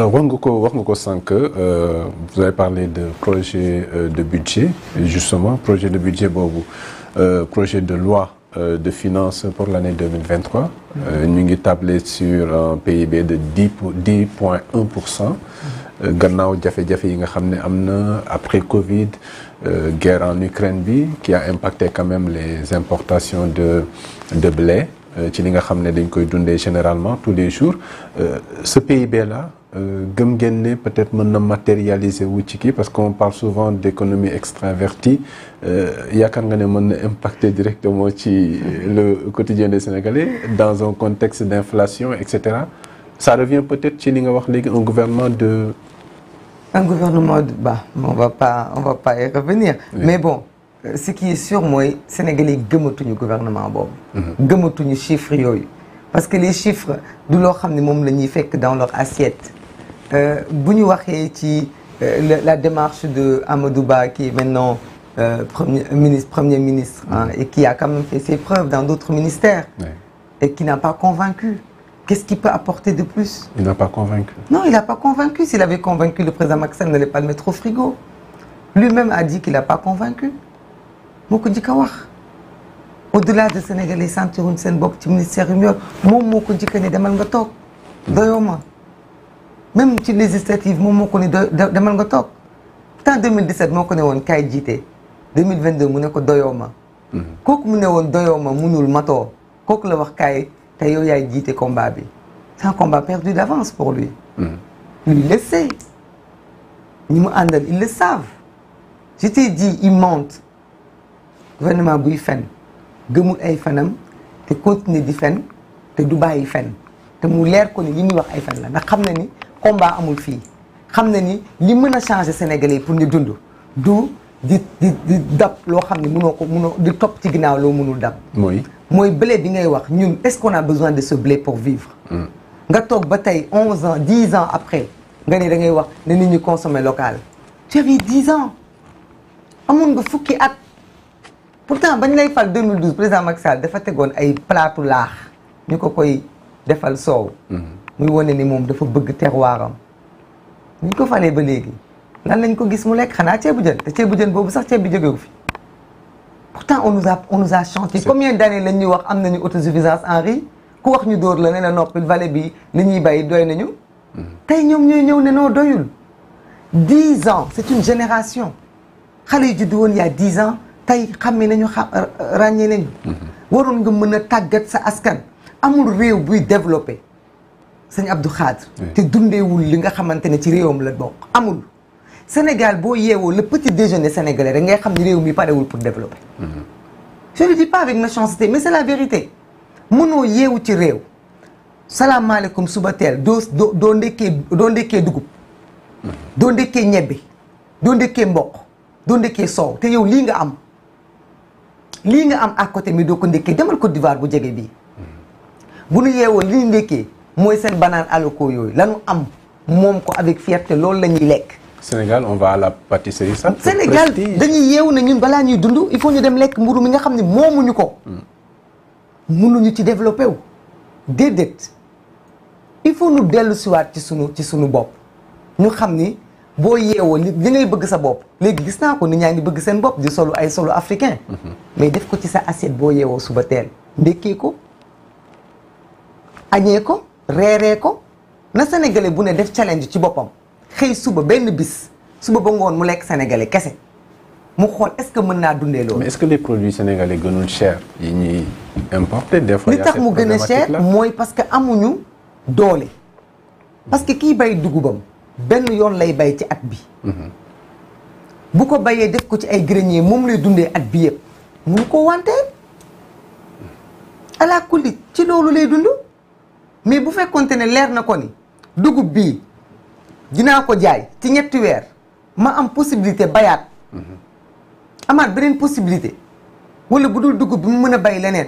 alors euh, wax nga ko wax nga ko sànq euh, vous avez parlé de projet euh, de budget et justement projet de budget boobu euh, projet de loi de finances pour l'année 2023 ñu ngi tablé sur un PIB de dix dix point un pour cent gannaaw jafe-jafe yi nga xam ne am na après Covid euh, guerre en Ukraine bi qui a impacté quand même les importations de de ci li nga xam ne dañ koy dundee généralement tous les jours euh, ce PIB là Euh, gëm ngeen ne peut-être mën na matérialiser wu ci kii parce qu'on parle souvent d'économie extravertie euh, yaakaar nga ne mën na impacter directement ci le quotidien des Sénégalais dans un contexte d'inflation et cetera ça revient peut-être ci li nga wax léegi un gouvernement de. un gouvernement de bah on va pas on revenir. mais bon euh, ce qui est sûr mooy Sénégalais gëmatuñu gouvernement boobu. Mm-hmm. gëmatuñu chiffres yooyu. parce que les chiffres du loo xam ne moom la ñuy fekk dans leur assiette. Euh, bu ñu waxee ci euh, la démarche de Amadou Ba qui est maintenant euh, premier ministre premier ministre hein, et qui a quand même fait ses dans d'autres ministères et qui n'a pas convaincu qu'est-ce qu'il peut apporter de plus il n'a pas convaincu non il n'a pas convaincu s'il avait convaincu le président Macky Sall pas le mettre au frigo lui-même a dit qu'il n'a pas convaincu moo ko njëkk a wax au-delà de Sénégalais yi santiruñ seen bopp ci ministère yu mu yor moom moo ko njëkk demal nga toog hmm. doyoo ma même ci législative moom moo ko ni demal nga toog pourtant 2017 moo ko ne woon kaay jiite 2022 mu ne ko doyoo ma. Mm-hmm. kooku mu ne woon doyoo ma munul matoo kooku la wax kaay te yow yaay jiite combat bi c'est un combat perdu d'avance pour lui. Mm-hmm. lui le sait ñi mu àndal ils le savent je t'ai dit il monte gouvernement buy fen gëmul ay fenam te continuer di fen te du bàyyi fen te mu leer ko ni li muy wax ay fen la ndax xam na ni. combat amul fii xam na ni li mën a changer Sénégalais yi pour ñu dund du di di di dab loo xam ne mënoo ko mënoo di topp ci ginnaaw loo mënul dab. mooy mooy blé bi ngay wax ñun est-ce qu'on a besoin de ce blé pour vivre. Hmm. nga toog ba tey onze ans dix ans après nga ne da ngay wax ne nit ñi consommer local. tu avais dix ans amoon nga fukki at pourtant bañ lay fal 2012 président Macky Sall dafa tegoon ay palaatu laax ñu ko koy defal soow. Hmm. muy wane ni moom dafa bëgg terroir am ñu ko falee ba léegi lan lañ ko gis mu lekk xanaa ceebu jën te ceebu jën boobu sax ceeb bi jógewu fi pourtant on nous a on nous a ñuy wax am nañu autosuffisance en riz ku wax ñu dóor la ne la noppil vallée bi li ñuy bàyyi doy nañu mm-hmm. tey ñoom ñooy ñëw ne noo doyul dix ans c'est une génération xale yu judd woon ya y a dix ans tey xammee nañu xam ràññee nañu mm-hmm. waroon nga mën a tàggat sa askan amul réew buy développé sëñ Abdou Khadre te dundeewul li nga xamante ne ci réewam la doq amul Sénégal boo yeewoo le petit déjeuner sénégalais rek ngay xam ne réew mi parewul pour développer mhm. je ne dis pas avec méchanceté mais c'est la vérité mënoo yeewu ci réew salaamaaleykum suba teel doo doo doo dugub doo ndekkee mhm. ñebbe doo ndekkee mboq doo ndekkee soow te yow lii nga am lii nga am à côté mi doo ko ndekkee demal Côte d'Ivoire bu jege bi mhm. bu nu yeewoo li ñu ndekkee mooy seen banaan aloko yooyu lanu am moom ko avec fierté loolu la ñuy lekk. Sénégal on va à la pâtisserie ça. Sénégal dañuy yeewu na ñun balaa ñuy dund il faut ñu dem lekk mburu mi nga xam ne moomuñu ko. Hmm. mënuñu ci développé wu. déedéet il faut ñu dellu siwaat ci sunu ci sunu bopp ñu xam ni boo yeewoo li li ngay bëgg sa bopp léegi gis naa ko ni ñaa ngi bëgg seen bopp di solu ay solu africain. Hmm. mais def ko ci sa assiette boo yeewoo suba teel. ndekkee ko añee ko. reeree ko na sénégalais bu ne def challenge ci boppam xëy suba benn bis suba ba ngoon mu lekk sénégalais kese mu xool est-ce que mën naa dundee loolu. mais est-ce que les produits sénégalais gënul cher. yi ñuy importer des tax mu gën a cher mooy parce que amuñu doole. parce que kiy bay dugubam benn yoon lay bay ci at bi. Mm-hmm. bu ko bayee def ko ci ay grenier moom lay dundee at bi yëpp. mu ko wanteel. ala ci loolu lay dund. mais bu fekkonte ne leer na ko ni dugub bii dinaa ko jaay ci ñetti weer ma am possibilité bayaat amaat beneen possibilité wala bu dul dugub bi mu mën a bay leneen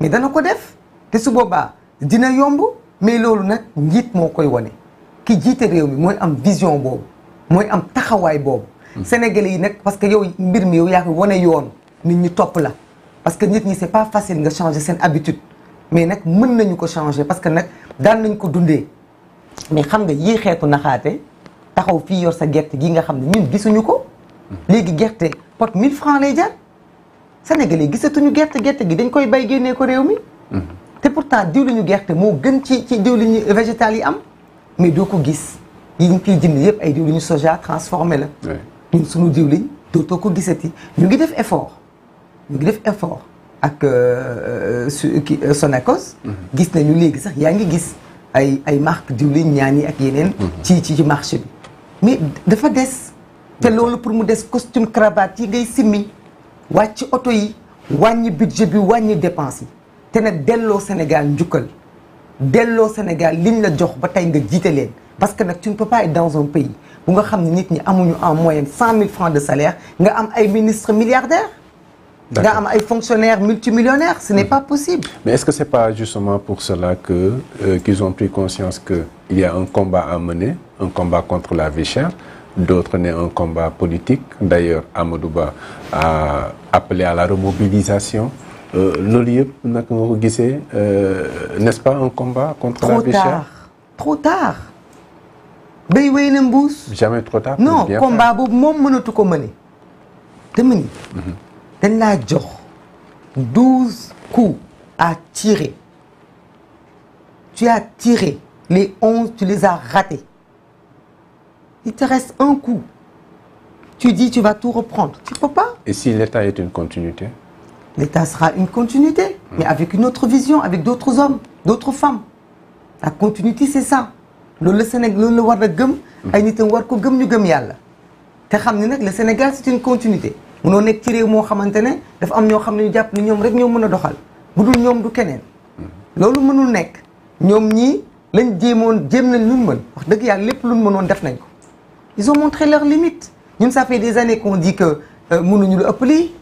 mais dana ko def te su boobaa dina yomb mais loolu nag njiit moo koy wane ki jiite réew mi mooy am vision boobu mooy am taxawaay boobu hmm. sénégalais yi nag parce que yow mbir mi yow yaa ko wane yoon nit ñi topp la parce que nit ñi c'est pas facile nga changer seen habitude mais nag mën nañu ko changer parce que nag daan nañ ko dundee mais xam nga yii xeetu naxaate taxaw fii yor sa gerte gi nga xam ne gis gisuñu ko. léegi gerte pot 1000 francs lay jar sénégalais gisatuñu gerte gerte gi dañ koy bay génnee ko réew mi. te pourtant diwliñu gerte moo gën ci ci diwliñu végétal yi am mais doo ko gis yi ñu koy jënd yëpp ay diwliñu soja transformé la. ñun suñu diwliñ dootoo ko gisati ñu ngi def effort ñu ngi def effort. ak euh, euh, su euh, Sonacos. Mhm. gis nañu léegi sax yaa ngi gis ay ay marque diwlin ñaan yi ak yeneen. Mhm. ci ci marché bi. mais dafa des. te loolu pour mu des costume crabat yi ngay simmi ci oto yi wàññi budget bi wàññi dépense yi te nag delloo Sénégal njukkal delloo Sénégal liñ la jox ba tey nga jiite leen parce que nag tu ne peux pas être dans un pays bu nga xam ne nit ñi amuñu en moyenne cent mille francs de salaire nga am ay ministres milliardaires. nga am ay fonctionnaires multimillionnaires ce n'est mm. pas possible. mais est-ce que c'est pas justement pour cela que euh, qu'ils ont pris conscience que il y a un combat à mener un combat contre la vie chère d'autres n'est un combat politique d'ailleurs Amadou Ba a appelé à la remobilisation euh, loolu yëpp naka nga ko gisee euh, n'est-ce pas un combat contre trop la vie chère trop tard béy wéy na mbuus jamais trop tard non combat boobu moom mënatu ko mëne te mëni dañ laa jox douze coups à tirer tu as tiré les tu les as ratés il te reste un coup tu dis tu vas tout reprendre tu peux pas. et si l'État est une continuité. l'État sera une continuité. Hmm. mais avec une vision avec d'autres hommes d'autres femmes la continuité c'est ça loolu le Sénégal loolu la war a gëm. Hmm. ay nitam war ko gëm ñu gëm yàlla. te xam ne nag le Sénégal c'est une continuité. munoo nekk ci réew moo xamante ne dafa am ñoo xam ne ñu jàpp ni ñoom rek ñoo mën a doxal bu dul ñoom du keneen mm-hmm. loolu mënul nekk ñoom ñii lañ jéemoon jéem nañ luñ mën wax dëgg yàlla lépp luñ mënoon def nañ ko ils ont montré leurs limites ñun ça des années qu'on dit que euh, mënuñu lu ëpp lii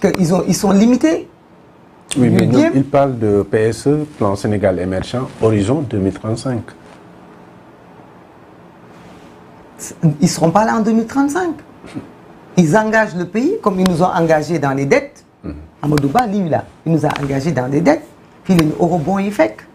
que ils ont ils sont limités oui mais ñoom ils parlent de PSE plan Sénégal émergent horizon 2035 ils seront ils engagent le pays comme ils nous ont engagés dans les dettes. Mhm. a Ba lii la nous a engagés dans les dettes fii la ñu eurobond yi fekk.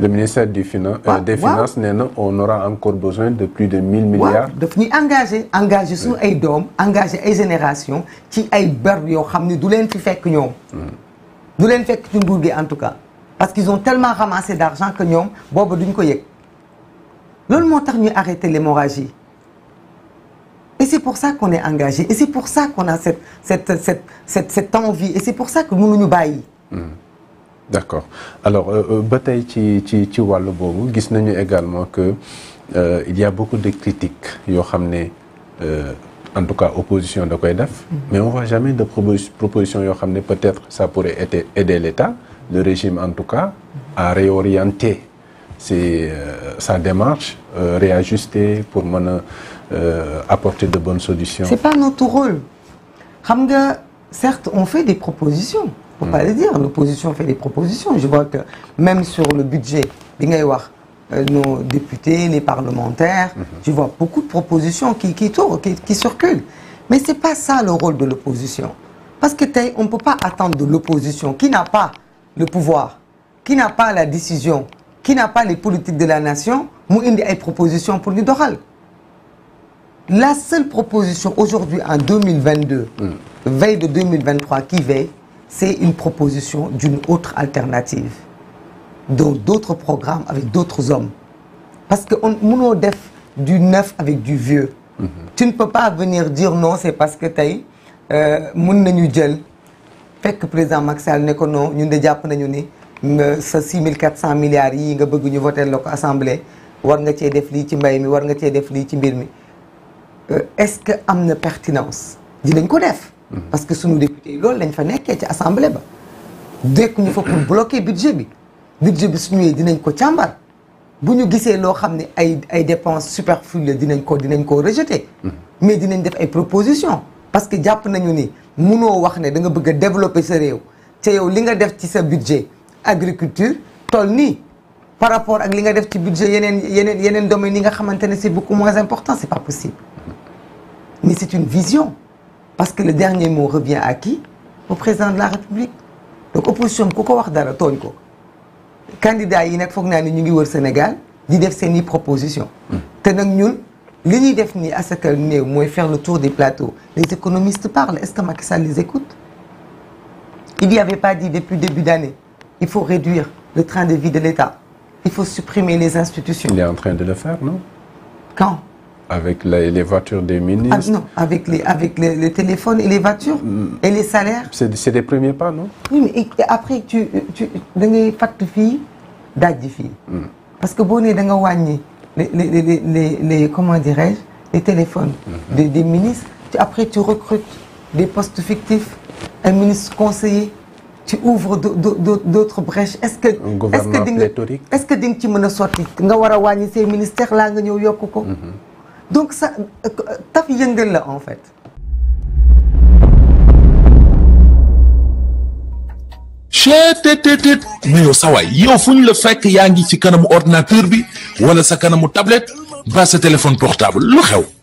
le ministère du finan euh, des finances nee na on aura encore besoin de plus de mille milliards. daf ñuy engagé engagé suñu ay doom engagé ay génération ci ay bor yoo xam ne du leen fi fekk ñoom. Mhm. du leen fekk ci en tout cas parce qu'ils ont tellement ramassé d'argent que ñoom booba duñ ko yëg loolu moo tax ñuy arrêté l'hémorragie c'est pour ça qu'on est engagé et c'est pour ça qu'on a cette cette cette cette cette envie et c'est pour ça que mënuñu bàyyi. Hmm. d'accord alors euh, euh, ba tey ci ci ci wàllu boobu gis nañu également que euh, il y a beaucoup de critiques yoo xam ne euh, en tout cas opposition da koy def. Hmm. mais on voit jamais de proposition yoo xam ne peut-être ça pourrait aider aider l'État le régime en tout cas à réorienter c'est euh, sa démarche euh, réajuster pour mën a. Euh, apporter de bonnes solutions. c'est pas notre rôle xam nga certes on fait des propositions. faut pas hmm. le dire l'opposition fait des propositions je vois que même sur le budget bi ngay wax euh, nos députés les parlementaires. Hmm. je vois beaucoup de propositions qui qui tournent qui qui circulent mais c'est pas ça le rôle de l'opposition parce que tey on peut pas attendre de l'opposition qui n'a pas le pouvoir qui n'a pas la décision qui n'a pas les politiques de la nation mu indi ay propositions pour ñu doxal. la seule proposition aujourd'hui en 2022, mmh. veille de 2023 qui veille, c'est une proposition d'une autre alternative. Donc d'autres programmes avec d'autres hommes. Parce que on mënoo def du neuf avec du vieux. Mmh. Tu ne peux pas venir dire non, c'est parce que tey euh, mën nañu jël fekk président Macky Sall ne ko non ñun de jàpp nañu ni sa 6400 milliards yi nga bëgg ñu voter la ko assemblée war nga cee def lii ci mbay mi war nga cee def lii ci mbir mi. Euh, est-ce que am na pertinence dinañ ko def parce que suñu député yi loolu lañ fa nekkee ci assemblée ba dekk ñu fa pour bloquer budget bi budget bi su yee dinañ ko càmbar bu ñu gisee loo xam ne ay ay dépenses superflues la dinañ ko dinañ ko rejeter mais dinañ def ay propositions parce que jàpp nañu ni munoo wax ne da nga bëgg a développer sa réew yow li nga def ci sa budget agriculture toll nii par rapport ak li nga def ci budget yeneen yeneen yeneen domaines yi nga xamante ne c'est beaucoup moins important c'est pas possible Mais c'est une vision. Parce que le dernier mot revient à qui Au président de la République. donc opposition bi ku ko wax dara tooñ ko. candidat yi nag foog naa ne ñu ngi wër Sénégal di def seen i proposition hmm. te nag ñun li ñuy def nii asakal néew mooy faire le tour des plateaux. les économistes parlent est-ce que Macky Sall les écoute il n'y avait pas dit depuis début d'année il faut réduire le train de vie de l'État il faut supprimer les institutions. il est en train de le faire non. quand. Avec les, les, voitures des ministres ah, Non, avec, les, avec les, les, téléphones et les voitures mm. et les salaires. C'est des premiers pas, non Oui, mais après, tu, tu, da ngay fàtt fii daaj ji fii. Mm. parce que boo nee da nga wàññi les les les les comment dirais-je les téléphones. Mm -hmm. des des ministres tu, après tu recrutes des postes fictifs un ministre conseiller tu ouvres d'autres brèches est-ce que. un gouvernement pléthorique est-ce que di nga est-ce que di nga ci mën a sotti nga war a wàññi say ministères laa nga ñëw yokk ko. Mm-hmm. donc ça taf yëngal la en fait. cheetetetet mais yow sawaay yow fu ñu la fekk yaa ngi ci kanamu ordinateur bi wala sa kanamu tablette ba sa téléphone portable lu xew.